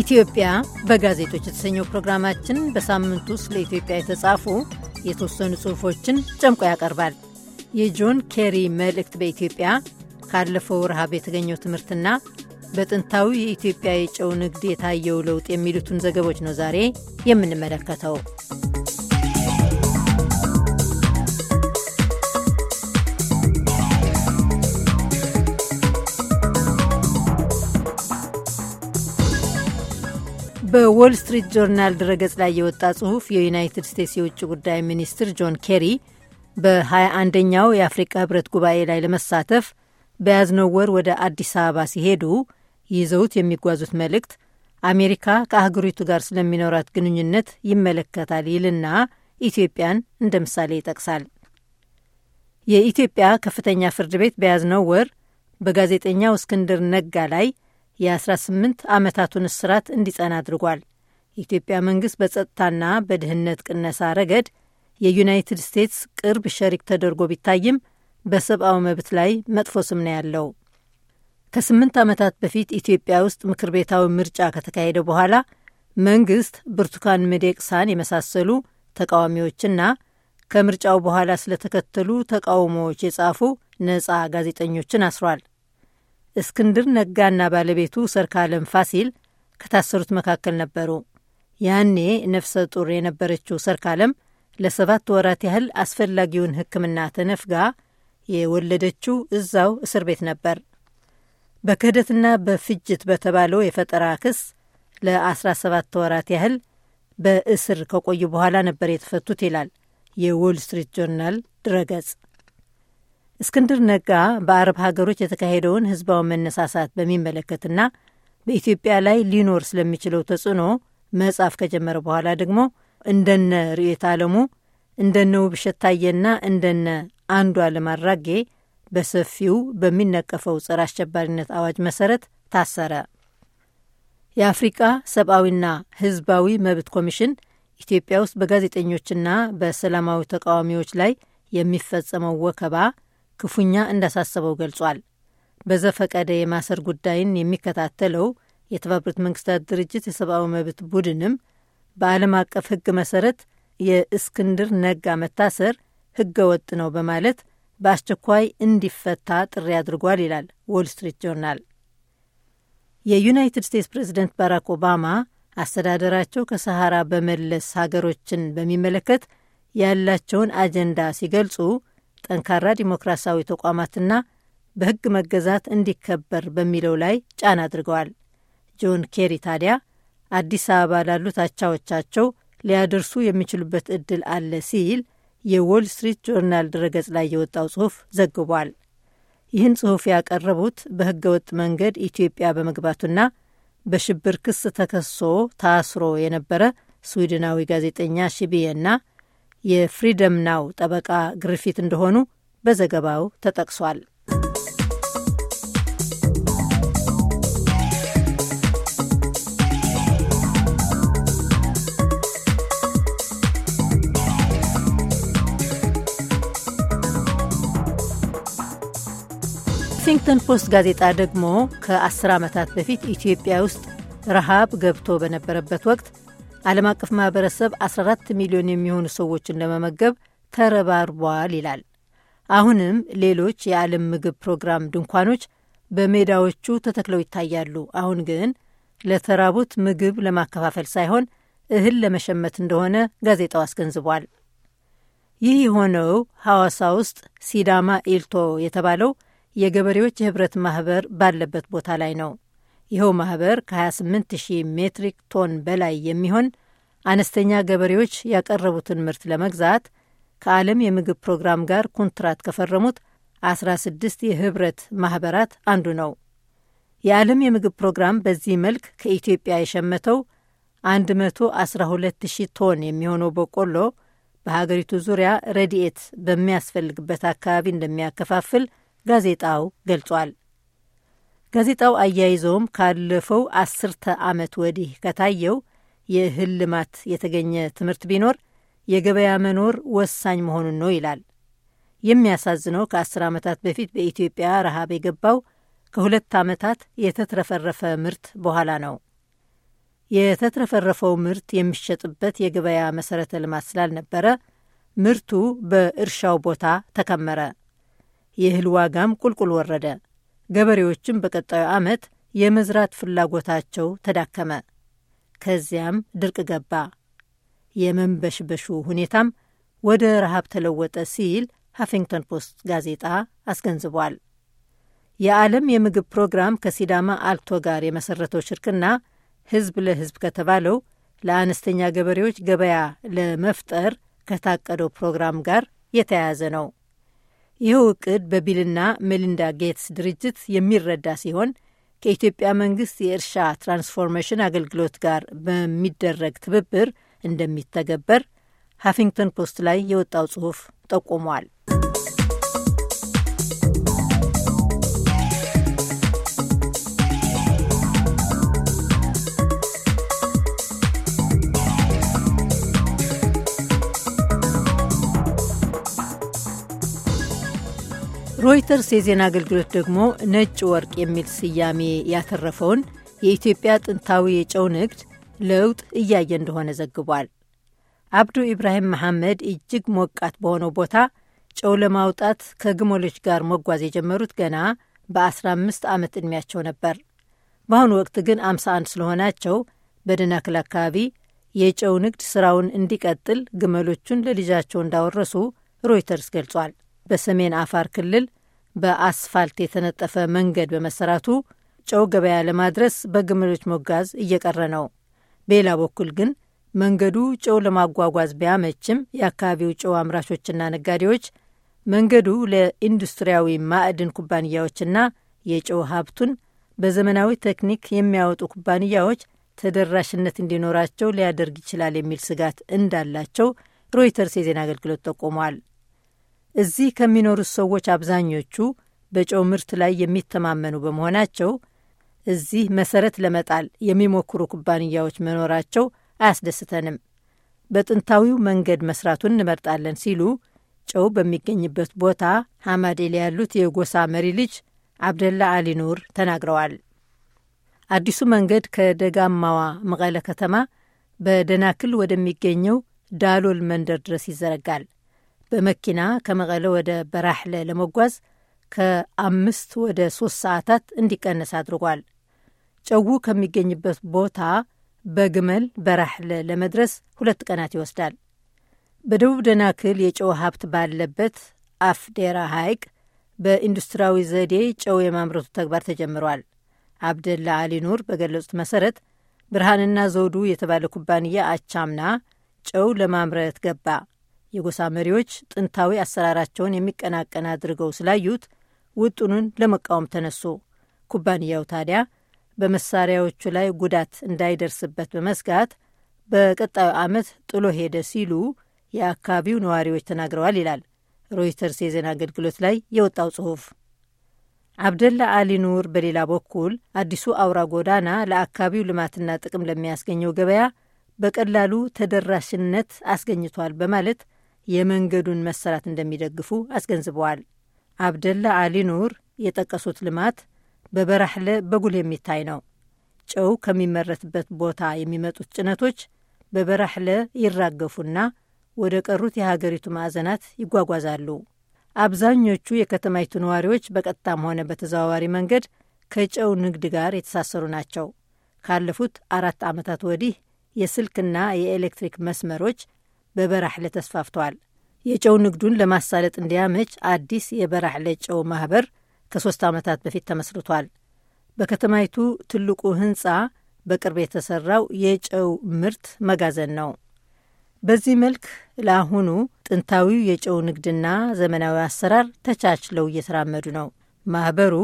ኢትዮጵያ በጋዜጦች የተሰኘው ፕሮግራማችን በሳምንት ውስጥ ለኢትዮጵያ የተጻፉ የተወሰኑ ጽሑፎችን ጨምቆ ያቀርባል። የጆን ኬሪ መልእክት በኢትዮጵያ ካለፈው ረሃብ የተገኘው ትምህርትና በጥንታዊ የኢትዮጵያ የጨው ንግድ የታየው ለውጥ የሚሉትን ዘገቦች ነው ዛሬ የምንመለከተው። በዎል ስትሪት ጆርናል ድረገጽ ላይ የወጣ ጽሑፍ የዩናይትድ ስቴትስ የውጭ ጉዳይ ሚኒስትር ጆን ኬሪ በ21ኛው የአፍሪቃ ህብረት ጉባኤ ላይ ለመሳተፍ በያዝነው ወር ወደ አዲስ አበባ ሲሄዱ ይዘውት የሚጓዙት መልእክት አሜሪካ ከአህጉሪቱ ጋር ስለሚኖራት ግንኙነት ይመለከታል ይልና ኢትዮጵያን እንደ ምሳሌ ይጠቅሳል። የኢትዮጵያ ከፍተኛ ፍርድ ቤት በያዝነው ወር በጋዜጠኛው እስክንድር ነጋ ላይ የ18 ዓመታቱን እስራት እንዲጸና አድርጓል። የኢትዮጵያ መንግሥት በጸጥታና በድህነት ቅነሳ ረገድ የዩናይትድ ስቴትስ ቅርብ ሸሪክ ተደርጎ ቢታይም በሰብአዊ መብት ላይ መጥፎ ስም ነው ያለው። ከስምንት ዓመታት በፊት ኢትዮጵያ ውስጥ ምክር ቤታዊ ምርጫ ከተካሄደ በኋላ መንግሥት ብርቱካን ሚደቅሳን የመሳሰሉ ተቃዋሚዎችና ከምርጫው በኋላ ስለተከተሉ ተቃውሞዎች የጻፉ ነጻ ጋዜጠኞችን አስሯል። እስክንድር ነጋና ባለቤቱ ሰርካለም ፋሲል ከታሰሩት መካከል ነበሩ። ያኔ ነፍሰ ጡር የነበረችው ሰርካለም ለሰባት ወራት ያህል አስፈላጊውን ሕክምና ተነፍጋ የወለደችው እዛው እስር ቤት ነበር። በክህደትና በፍጅት በተባለው የፈጠራ ክስ ለ17 ወራት ያህል በእስር ከቆዩ በኋላ ነበር የተፈቱት ይላል የዎል ስትሪት ጆርናል ድረገጽ። እስክንድር ነጋ በአረብ ሀገሮች የተካሄደውን ህዝባዊ መነሳሳት በሚመለከትና በኢትዮጵያ ላይ ሊኖር ስለሚችለው ተጽዕኖ መጻፍ ከጀመረ በኋላ ደግሞ እንደነ ርዕዮት ዓለሙ እንደነ ውብሸት ታዬና እንደነ አንዱ አራጌ በሰፊው በሚነቀፈው ጸረ አሸባሪነት አዋጅ መሰረት ታሰረ። የአፍሪቃ ሰብአዊና ህዝባዊ መብት ኮሚሽን ኢትዮጵያ ውስጥ በጋዜጠኞችና በሰላማዊ ተቃዋሚዎች ላይ የሚፈጸመው ወከባ ክፉኛ እንዳሳሰበው ገልጿል። በዘፈቀደ የማሰር ጉዳይን የሚከታተለው የተባበሩት መንግስታት ድርጅት የሰብአዊ መብት ቡድንም በዓለም አቀፍ ሕግ መሰረት የእስክንድር ነጋ መታሰር ሕገ ወጥ ነው በማለት በአስቸኳይ እንዲፈታ ጥሪ አድርጓል ይላል ዎል ስትሪት ጆርናል። የዩናይትድ ስቴትስ ፕሬዚደንት ባራክ ኦባማ አስተዳደራቸው ከሰሃራ በመለስ ሀገሮችን በሚመለከት ያላቸውን አጀንዳ ሲገልጹ ጠንካራ ዲሞክራሲያዊ ተቋማትና በሕግ መገዛት እንዲከበር በሚለው ላይ ጫና አድርገዋል። ጆን ኬሪ ታዲያ አዲስ አበባ ላሉት አቻዎቻቸው ሊያደርሱ የሚችሉበት እድል አለ ሲል የዎል ስትሪት ጆርናል ድረገጽ ላይ የወጣው ጽሑፍ ዘግቧል። ይህን ጽሑፍ ያቀረቡት በሕገ ወጥ መንገድ ኢትዮጵያ በመግባቱና በሽብር ክስ ተከሶ ታስሮ የነበረ ስዊድናዊ ጋዜጠኛ ሽብዬና የፍሪደም ናው ጠበቃ ግርፊት እንደሆኑ በዘገባው ተጠቅሷል። ዋሽንግተን ፖስት ጋዜጣ ደግሞ ከ ዓመታት በፊት ኢትዮጵያ ውስጥ ረሃብ ገብቶ በነበረበት ወቅት ዓለም አቀፍ ማህበረሰብ 14 ሚሊዮን የሚሆኑ ሰዎችን ለመመገብ ተረባርቧል ይላል። አሁንም ሌሎች የዓለም ምግብ ፕሮግራም ድንኳኖች በሜዳዎቹ ተተክለው ይታያሉ። አሁን ግን ለተራቡት ምግብ ለማከፋፈል ሳይሆን እህል ለመሸመት እንደሆነ ጋዜጣው አስገንዝቧል። ይህ የሆነው ሐዋሳ ውስጥ ሲዳማ ኢልቶ የተባለው የገበሬዎች የህብረት ማህበር ባለበት ቦታ ላይ ነው። ይኸው ማህበር ከ28 ሺህ ሜትሪክ ቶን በላይ የሚሆን አነስተኛ ገበሬዎች ያቀረቡትን ምርት ለመግዛት ከዓለም የምግብ ፕሮግራም ጋር ኮንትራት ከፈረሙት 16 የህብረት ማኅበራት አንዱ ነው። የዓለም የምግብ ፕሮግራም በዚህ መልክ ከኢትዮጵያ የሸመተው 112,000 ቶን የሚሆነው በቆሎ በሀገሪቱ ዙሪያ ረድኤት በሚያስፈልግበት አካባቢ እንደሚያከፋፍል ጋዜጣው ገልጿል። ጋዜጣው አያይዘውም ካለፈው አስርተ ዓመት ወዲህ ከታየው የህልማት የተገኘ ትምህርት ቢኖር የገበያ መኖር ወሳኝ መሆኑን ነው ይላል። የሚያሳዝነው ከአስር ዓመታት በፊት በኢትዮጵያ ረሃብ የገባው ከሁለት ዓመታት የተትረፈረፈ ምርት በኋላ ነው። የተትረፈረፈው ምርት የሚሸጥበት የገበያ መሰረተ ልማት ስላልነበረ ምርቱ በእርሻው ቦታ ተከመረ። የእህል ዋጋም ቁልቁል ወረደ። ገበሬዎችም በቀጣዩ ዓመት የመዝራት ፍላጎታቸው ተዳከመ። ከዚያም ድርቅ ገባ። የመንበሽበሹ ሁኔታም ወደ ረሃብ ተለወጠ ሲል ሃፊንግተን ፖስት ጋዜጣ አስገንዝቧል። የዓለም የምግብ ፕሮግራም ከሲዳማ አልቶ ጋር የመሰረተው ሽርክና ህዝብ ለህዝብ ከተባለው ለአነስተኛ ገበሬዎች ገበያ ለመፍጠር ከታቀደው ፕሮግራም ጋር የተያያዘ ነው። ይህው እቅድ በቢልና ሜሊንዳ ጌትስ ድርጅት የሚረዳ ሲሆን ከኢትዮጵያ መንግስት የእርሻ ትራንስፎርሜሽን አገልግሎት ጋር በሚደረግ ትብብር እንደሚተገበር ሃፊንግተን ፖስት ላይ የወጣው ጽሑፍ ጠቁሟል። ሮይተርስ የዜና አገልግሎት ደግሞ ነጭ ወርቅ የሚል ስያሜ ያተረፈውን የኢትዮጵያ ጥንታዊ የጨው ንግድ ለውጥ እያየ እንደሆነ ዘግቧል። አብዱ ኢብራሂም መሐመድ እጅግ ሞቃት በሆነው ቦታ ጨው ለማውጣት ከግመሎች ጋር መጓዝ የጀመሩት ገና በ15 ዓመት ዕድሜያቸው ነበር። በአሁኑ ወቅት ግን 51 ስለሆናቸው በደናክል አካባቢ የጨው ንግድ ስራውን እንዲቀጥል ግመሎቹን ለልጃቸው እንዳወረሱ ሮይተርስ ገልጿል። በሰሜን አፋር ክልል በአስፋልት የተነጠፈ መንገድ በመሰራቱ ጨው ገበያ ለማድረስ በግመሎች መጓዝ እየቀረ ነው። በሌላ በኩል ግን መንገዱ ጨው ለማጓጓዝ ቢያመችም የአካባቢው ጨው አምራቾችና ነጋዴዎች መንገዱ ለኢንዱስትሪያዊ ማዕድን ኩባንያዎችና የጨው ሀብቱን በዘመናዊ ቴክኒክ የሚያወጡ ኩባንያዎች ተደራሽነት እንዲኖራቸው ሊያደርግ ይችላል የሚል ስጋት እንዳላቸው ሮይተርስ የዜና አገልግሎት ጠቁሟል። እዚህ ከሚኖሩት ሰዎች አብዛኞቹ በጨው ምርት ላይ የሚተማመኑ በመሆናቸው እዚህ መሰረት ለመጣል የሚሞክሩ ኩባንያዎች መኖራቸው አያስደስተንም። በጥንታዊው መንገድ መስራቱን እንመርጣለን ሲሉ ጨው በሚገኝበት ቦታ ሐማዴል ያሉት የጎሳ መሪ ልጅ አብደላ አሊ ኑር ተናግረዋል። አዲሱ መንገድ ከደጋማዋ መቀለ ከተማ በደናክል ወደሚገኘው ዳሎል መንደር ድረስ ይዘረጋል። በመኪና ከመቀለ ወደ በራሕለ ለመጓዝ ከአምስት ወደ ሶስት ሰዓታት እንዲቀነስ አድርጓል። ጨው ከሚገኝበት ቦታ በግመል በራሕለ ለመድረስ ሁለት ቀናት ይወስዳል። በደቡብ ደናክል የጨው ሀብት ባለበት አፍዴራ ሐይቅ በኢንዱስትሪያዊ ዘዴ ጨው የማምረቱ ተግባር ተጀምሯል። አብደላ አሊ ኑር በገለጹት መሰረት ብርሃንና ዘውዱ የተባለ ኩባንያ አቻምና ጨው ለማምረት ገባ። የጎሳ መሪዎች ጥንታዊ አሰራራቸውን የሚቀናቀን አድርገው ስላዩት ውጡኑን ለመቃወም ተነሱ። ኩባንያው ታዲያ በመሳሪያዎቹ ላይ ጉዳት እንዳይደርስበት በመስጋት በቀጣዩ ዓመት ጥሎ ሄደ ሲሉ የአካባቢው ነዋሪዎች ተናግረዋል ይላል ሮይተርስ የዜና አገልግሎት ላይ የወጣው ጽሑፍ። አብደላ አሊ ኑር በሌላ በኩል አዲሱ አውራ ጎዳና ለአካባቢው ልማትና ጥቅም ለሚያስገኘው ገበያ በቀላሉ ተደራሽነት አስገኝቷል በማለት የመንገዱን መሰራት እንደሚደግፉ አስገንዝበዋል። አብደላ አሊ ኑር የጠቀሱት ልማት በበራህለ በጉልህ የሚታይ ነው። ጨው ከሚመረትበት ቦታ የሚመጡት ጭነቶች በበራህለ ይራገፉና ወደ ቀሩት የሀገሪቱ ማዕዘናት ይጓጓዛሉ። አብዛኞቹ የከተማይቱ ነዋሪዎች በቀጥታም ሆነ በተዘዋዋሪ መንገድ ከጨው ንግድ ጋር የተሳሰሩ ናቸው። ካለፉት አራት ዓመታት ወዲህ የስልክና የኤሌክትሪክ መስመሮች በበራሕለ ተስፋፍተዋል። የጨው ንግዱን ለማሳለጥ እንዲያመች አዲስ የበራሕለ ጨው ማህበር ከሦስት ዓመታት በፊት ተመስርቷል። በከተማይቱ ትልቁ ሕንፃ በቅርብ የተሰራው የጨው ምርት መጋዘን ነው። በዚህ መልክ ለአሁኑ ጥንታዊው የጨው ንግድና ዘመናዊ አሰራር ተቻችለው እየተራመዱ ነው። ማኅበሩ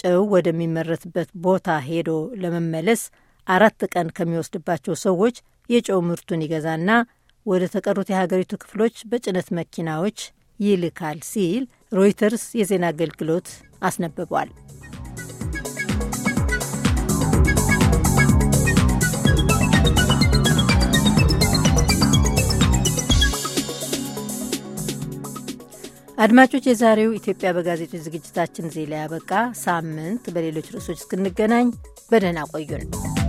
ጨው ወደሚመረትበት ቦታ ሄዶ ለመመለስ አራት ቀን ከሚወስድባቸው ሰዎች የጨው ምርቱን ይገዛና ወደ ተቀሩት የሀገሪቱ ክፍሎች በጭነት መኪናዎች ይልካል ሲል ሮይተርስ የዜና አገልግሎት አስነብቧል። አድማጮች፣ የዛሬው ኢትዮጵያ በጋዜጦች ዝግጅታችን እዚህ ላይ ያበቃ። ሳምንት በሌሎች ርዕሶች እስክንገናኝ በደህና ቆዩን።